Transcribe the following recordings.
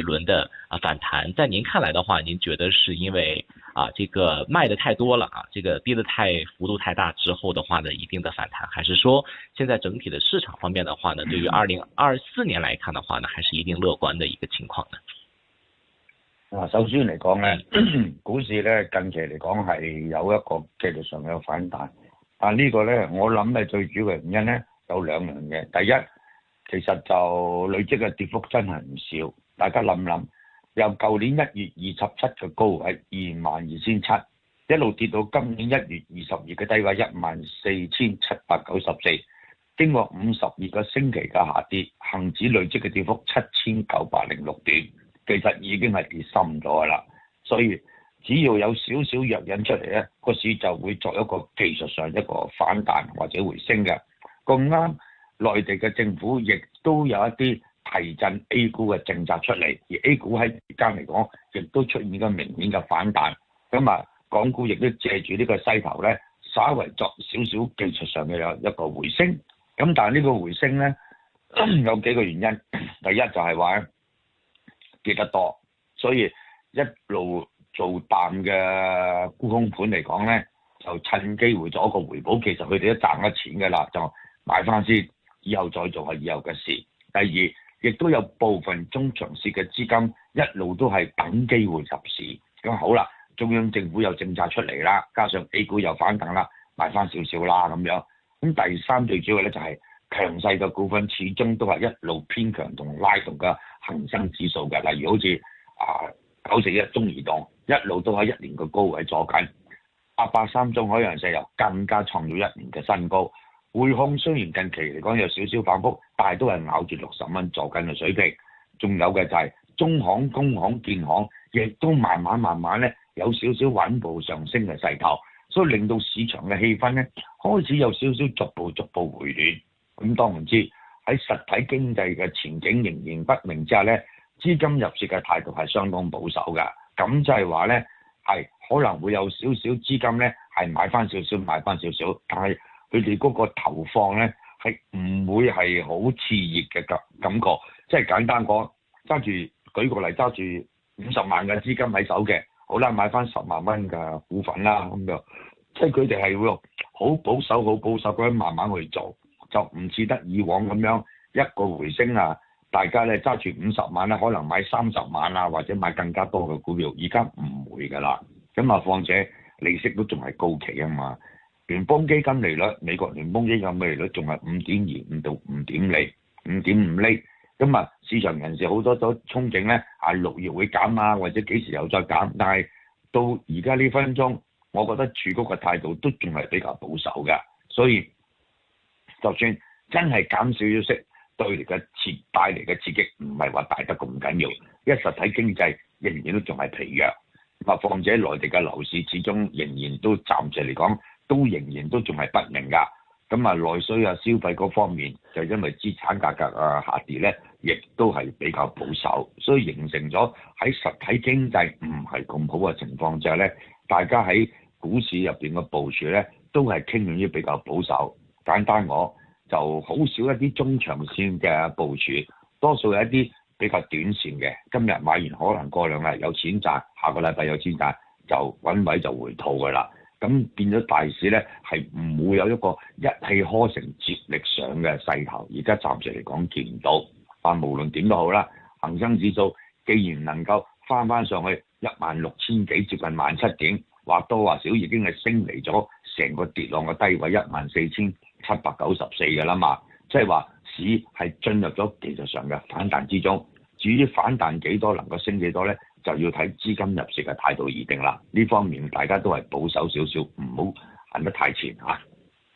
一輪的啊反彈，在您看來的話，您覺得是因為啊這個賣得太多了啊，這個跌得太幅度太大之後的話呢，一定的反彈，還是說現在整體的市場方面的話呢，對於二零二四年來看的話呢，還是一定樂觀的一個情況呢？啊，首先嚟講呢 股市呢近期嚟講係有一個技術上有反彈，但呢個呢我諗係最主要嘅原因呢，有兩樣嘢，第一，其實就累積嘅跌幅真係唔少。大家諗唔諗？由舊年一月二十七嘅高位二萬二千七，一路跌到今年一月二十二嘅低位一萬四千七百九十四，經過五十二個星期嘅下跌，恒指累積嘅跌幅七千九百零六點，其實已經係跌深咗噶啦。所以只要有少少藥引出嚟咧，個市就會作一個技術上一個反彈或者回升嘅。咁啱，內地嘅政府亦都有一啲。提振 A 股嘅政策出嚟，而 A 股喺而家嚟講亦都出現咗明顯嘅反彈。咁、嗯、啊，港股亦都借住呢個勢頭咧，稍微作少少技術上嘅有一個回升。咁、嗯、但係呢個回升咧，有幾個原因。第一就係話咧跌得多，所以一路做淡嘅沽空盤嚟講咧，就趁機會做一個回補。其實佢哋都賺咗錢㗎啦，就買翻先，以後再做係以後嘅事。第二，亦都有部分中長線嘅資金一路都係等機會入市，咁好啦，中央政府有政策出嚟啦，加上 A 股又反彈啦，買翻少少啦咁樣。咁第三最主要咧就係強勢嘅股份，始終都係一路偏強同拉動嘅恒生指數嘅，例如好似啊九四一中移動，一路都喺一年嘅高位坐緊，八八三中海洋石油更加創咗一年嘅新高。匯控雖然近期嚟講有少少反覆但係都係咬住六十蚊做緊嘅水平。仲有嘅就係中行、工行、建行，亦都慢慢慢慢咧有少少穩步上升嘅勢頭，所以令到市場嘅氣氛咧開始有少少逐步逐步回暖。咁當然知，喺實體經濟嘅前景仍然不明之下咧，資金入市嘅態度係相當保守噶。咁即係話咧係可能會有少少資金咧係買翻少少買翻少少，但係。佢哋嗰個投放咧，係唔會係好熾熱嘅感感覺，即係簡單講，揸住舉個例，揸住五十萬嘅資金喺手嘅，好啦，買翻十萬蚊嘅股份啦，咁就，即係佢哋係會好保守、好保守咁樣慢慢去做，就唔似得以往咁樣一個回升啊，大家咧揸住五十萬咧、啊，可能買三十萬啊，或者買更加多嘅股票，而家唔會噶啦，咁啊，況且利息都仲係高企啊嘛～聯邦基金利率，美國聯邦基金利率仲係五點二五到五點五厘。五點五厘，咁啊，市場人士好多都憧憬咧，啊六月會減啊，或者幾時又再減。但係到而家呢分鐘，我覺得儲局嘅態度都仲係比較保守嘅，所以就算真係減少少息，對嚟嘅切帶嚟嘅刺激唔係話大得咁緊要，因為實體經濟仍然都仲係疲弱，啊況且內地嘅樓市始終仍然都暫時嚟講。都仍然都仲係不明噶，咁啊內需啊消費嗰方面就因為資產價格啊下跌咧，亦都係比較保守，所以形成咗喺實體經濟唔係咁好嘅情況之下咧，大家喺股市入邊嘅部署咧都係傾向於比較保守。簡單我就好少一啲中長線嘅部署，多數係一啲比較短線嘅。今日買完可能過兩日有錢賺，下個禮拜有錢賺就揾位就回吐噶啦。咁變咗大市咧，係唔會有一個一氣呵成接力上嘅勢頭。而家暫時嚟講見唔到。但無論點都好啦，恒生指數既然能夠翻翻上去一萬六千幾，接近萬七點，話多話少已經係升嚟咗成個跌浪嘅低位一萬四千七百九十四㗎喇嘛。即係話市係進入咗技術上嘅反彈之中。至於反彈幾多，能夠升幾多咧？就要睇資金入市嘅態度而定啦，呢方面大家都係保守少少，唔好行得太前嚇啊。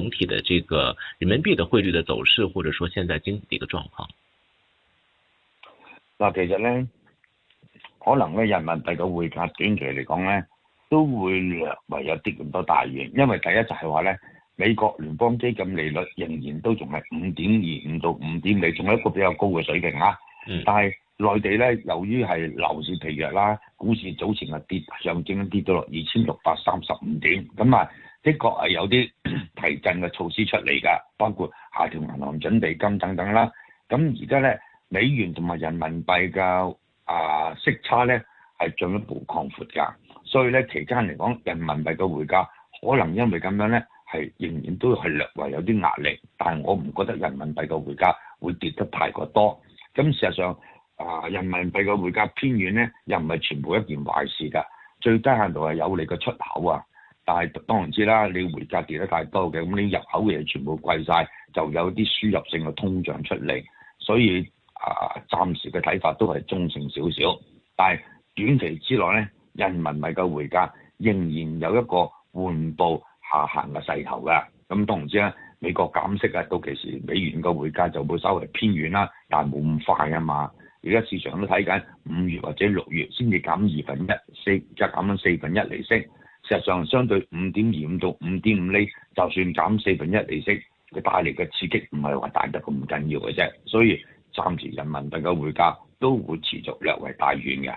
整體的這個人民幣的匯率的走勢，或者說現在經濟嘅狀況，嗱其實咧，可能咧人民幣嘅匯價短期嚟講咧，都會略為有啲咁多大元，因為第一就係話咧，美國聯邦基金利率仍然都仲係五點二五到五點零，仲係一個比較高嘅水平啊。嗯。但係內地咧，由於係樓市疲弱啦，股市早前啊跌，上證啊跌到落二千六百三十五點，咁啊。的確係有啲 提振嘅措施出嚟㗎，包括下調銀行準備金等等啦。咁而家咧，美元同埋人民幣嘅啊、呃、息差咧係進一步擴闊㗎。所以咧，期間嚟講，人民幣嘅匯價可能因為咁樣咧，係仍然都係略為有啲壓力。但係我唔覺得人民幣嘅匯價會跌得太過多。咁事實上啊、呃，人民幣嘅匯價偏軟咧，又唔係全部一件壞事㗎。最低限度係有利個出口啊。但係當然知啦，你匯價跌得太多嘅，咁你入口嘢全部貴晒，就有啲輸入性嘅通脹出嚟。所以啊、呃，暫時嘅睇法都係中性少少。但係短期之內咧，人民幣嘅匯價仍然有一個緩步下行嘅勢頭㗎。咁當然知啦、啊，美國減息啊，到期時美元嘅匯價就會稍微偏軟啦、啊，但係冇咁快啊嘛。而家市場都睇緊五月或者六月先至減二分一四，即係減咗四分一利息。實際上相對五點二五到五點五厘，就算減四分一利息，佢帶嚟嘅刺激唔係話大得咁緊要嘅啫，所以暫時人民幣嘅匯價都會持續略為大軟嘅。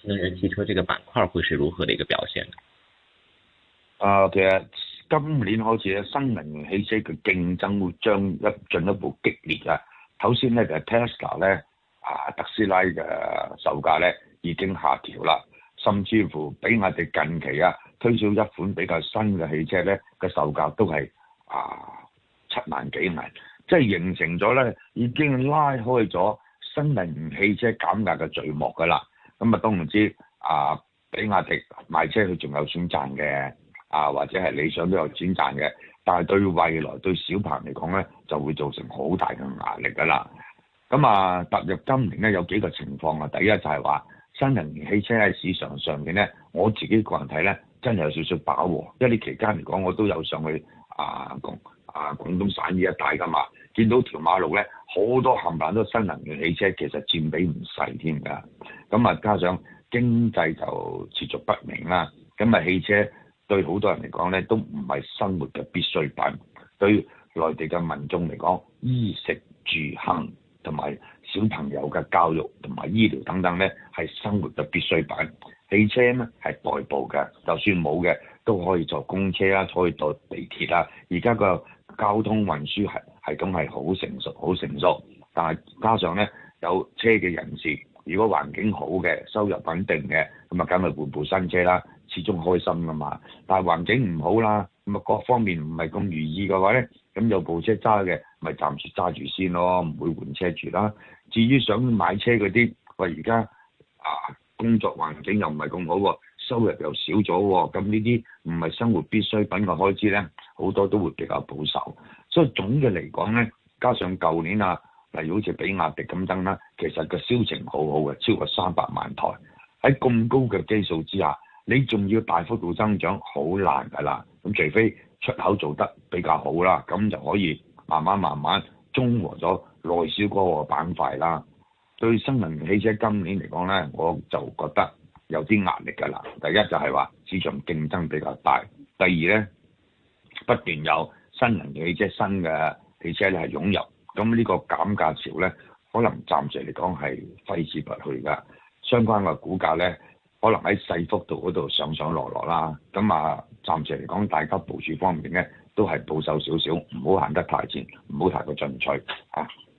新能源汽車這個板塊會是如何的一個表現啊？其實今年開始咧，新能源汽車嘅競爭會將一進一步激烈啊。首先咧就 Tesla 咧啊，特斯拉嘅售價咧已經下調啦，甚至乎比亞迪近期啊推銷一款比較新嘅汽車咧嘅售價都係啊七萬幾萬，即係形成咗咧已經拉開咗新能源汽車減價嘅序幕噶啦。咁啊、嗯，都唔知啊，比亞迪買車佢仲有錢賺嘅，啊或者係理想都有錢賺嘅，但係對未來對小鵬嚟講咧，就會造成好大嘅壓力噶啦。咁、嗯、啊，踏入今年咧有幾個情況啊，第一就係話新能源汽車喺市場上邊咧，我自己個人睇咧，真係有少少飽和，因為呢期間嚟講我都有上去啊廣啊廣東省呢一帶噶嘛，見到條馬路咧。好多冚唪唥都新能源汽車，其實佔比唔細添㗎，咁啊，加上經濟就持續不明啦。咁啊，汽車對好多人嚟講咧，都唔係生活嘅必需品。對內地嘅民眾嚟講，衣食住行同埋小朋友嘅教育同埋醫療等等咧，係生活嘅必需品。汽車咧係代步嘅，就算冇嘅都可以坐公車啊，可以坐地鐵啊。而家個交通運輸係。係咁係好成熟，好成熟，但係加上呢，有車嘅人士，如果環境好嘅，收入穩定嘅，咁啊梗係換部新車啦，始終開心㗎嘛。但係環境唔好啦，咁啊各方面唔係咁如意嘅話呢，咁有部車揸嘅，咪暫時揸住先咯，唔會換車住啦。至於想買車嗰啲，喂而家啊工作環境又唔係咁好喎，啊，收入又少咗喎，啊，咁呢啲唔係生活必需品嘅開支呢，好多都會比較保守。所以總嘅嚟講咧，加上舊年啊，例如好似比亞迪咁樣啦，其實個銷情好好嘅，超過三百萬台。喺咁高嘅基數之下，你仲要大幅度增長，好難噶啦。咁除非出口做得比較好啦，咁就可以慢慢慢慢中和咗內銷嗰個板塊啦。對新能源汽車今年嚟講咧，我就覺得有啲壓力噶啦。第一就係話市場競爭比較大，第二咧，不斷有。新能源汽車、新嘅汽車咧係湧入，咁呢個減價潮咧，可能暫時嚟講係揮之不去㗎。相關嘅股價咧，可能喺細幅度嗰度上上落落啦。咁啊，暫時嚟講，大家部署方面咧，都係保守少少，唔好行得太前，唔好太過進取嚇。啊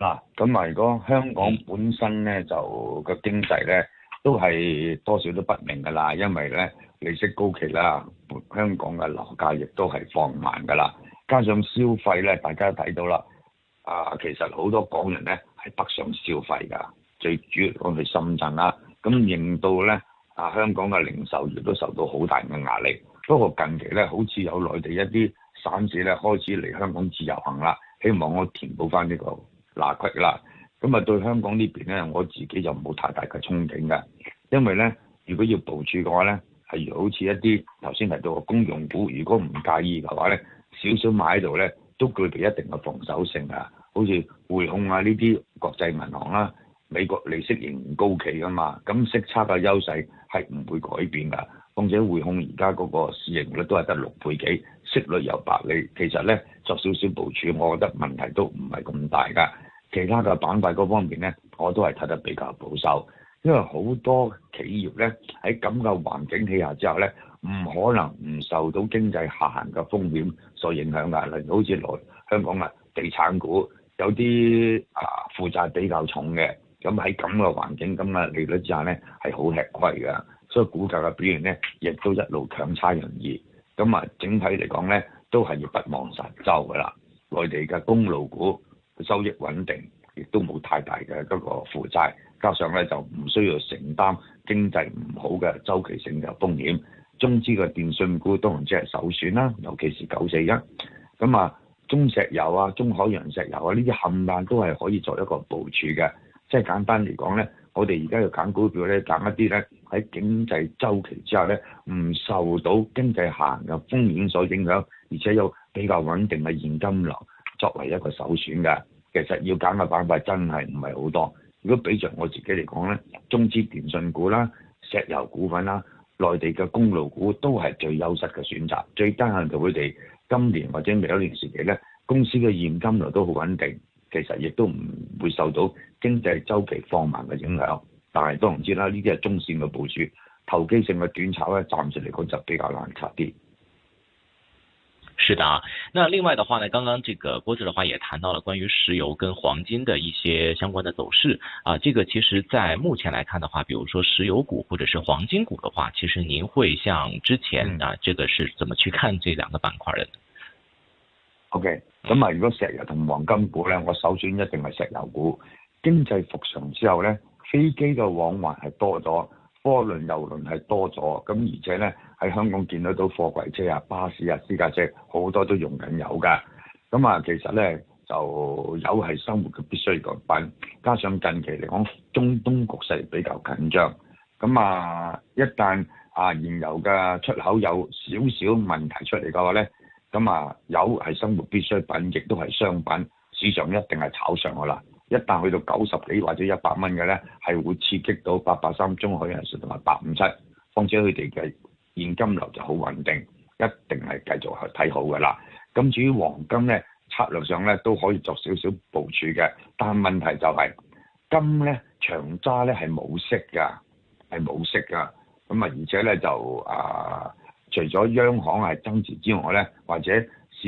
嗱，咁啊，如果香港本身咧就個經濟咧都係多少都不明㗎啦，因為咧利息高企啦，香港嘅樓價亦都係放慢㗎啦。加上消費咧，大家都睇到啦，啊，其實好多港人咧係北上消費㗎，最主要我哋深圳啦、啊，咁、嗯、令到咧啊香港嘅零售業都受到好大嘅壓力。不過近期咧，好似有內地一啲省市咧開始嚟香港自由行啦，希望我填補翻呢個。嗱，嗰個啦，咁啊對香港呢邊咧，我自己就冇太大嘅憧憬嘅，因為咧，如果要部署嘅話咧，係好似一啲頭先提到嘅公用股，如果唔介意嘅話咧，少少買喺度咧，都具備一定嘅防守性啊，好似匯控啊呢啲國際銀行啦、啊，美國利息仍高企啊嘛，咁息差嘅優勢係唔會改變噶。或者匯控而家嗰個市盈率都係得六倍幾，息率又百釐，其實咧，作少少部署，我覺得問題都唔係咁大噶。其他嘅板塊嗰方面咧，我都係睇得比較保守，因為好多企業咧，喺咁嘅環境氣候之下咧，唔可能唔受到經濟下行嘅風險所影響噶。例如好似來香港啊，地產股有啲啊負債比較重嘅，咁喺咁嘅環境咁嘅利率之下咧，係好吃虧嘅。所以股價嘅表現咧，亦都一路強差人意。咁啊，整體嚟講咧，都係要不忘神州㗎喇。內地嘅公路股收益穩定，亦都冇太大嘅嗰個負債，加上咧就唔需要承擔經濟唔好嘅周期性嘅風險。中資嘅電信股當然即係首選啦、啊，尤其是九四一。咁啊，中石油啊、中海洋石油啊，呢啲冚唪唥都係可以作一個部署嘅。即係簡單嚟講咧。我哋而家要揀股票咧，揀一啲咧喺經濟周期之下咧，唔受到經濟下行嘅風險所影響，而且有比較穩定嘅現金流作為一個首選㗎。其實要揀嘅板塊真係唔係好多。如果比著我自己嚟講咧，中資電信股啦、石油股份啦、內地嘅公路股都係最優勢嘅選擇。最得閒就佢哋今年或者未有年時期咧，公司嘅現金流都好穩定。其實亦都唔會受到經濟周期放慢嘅影響，但係都唔知啦，呢啲係中線嘅部署，投機性嘅短炒咧，暫時嚟講就比較難拆啲。是的啊，那另外的話呢，剛剛這個郭生的話也談到了關於石油跟黃金的一些相關嘅走勢啊，這個其實在目前來看的話，比如說石油股或者是黃金股的話，其實您會像之前啊，的這個是怎麼去看這兩個板塊嘅？OK。咁啊，如果石油同黃金股咧，我首選一定係石油股。經濟復常之後咧，飛機嘅往還係多咗，貨輪、郵輪係多咗。咁而且咧，喺香港見得到貨櫃車啊、巴士啊、私家車好多都用緊油㗎。咁啊，其實咧就油係生活嘅必須嘅品。加上近期嚟講，中東局勢比較緊張。咁啊，一旦啊，原油嘅出口有少少問題出嚟嘅話咧，咁啊，有係生活必需品，亦都係商品，市場一定係炒上去啦。一旦去到九十幾或者一百蚊嘅咧，係會刺激到八八三、中海人壽同埋八五七，況且佢哋嘅現金流就好穩定，一定係繼續去睇好噶啦。咁至於黃金咧，策略上咧都可以作少少部署嘅，但係問題就係、是、金咧長揸咧係冇息噶，係冇息噶。咁啊，而且咧就啊～、呃除咗央行係增持之外咧，或者。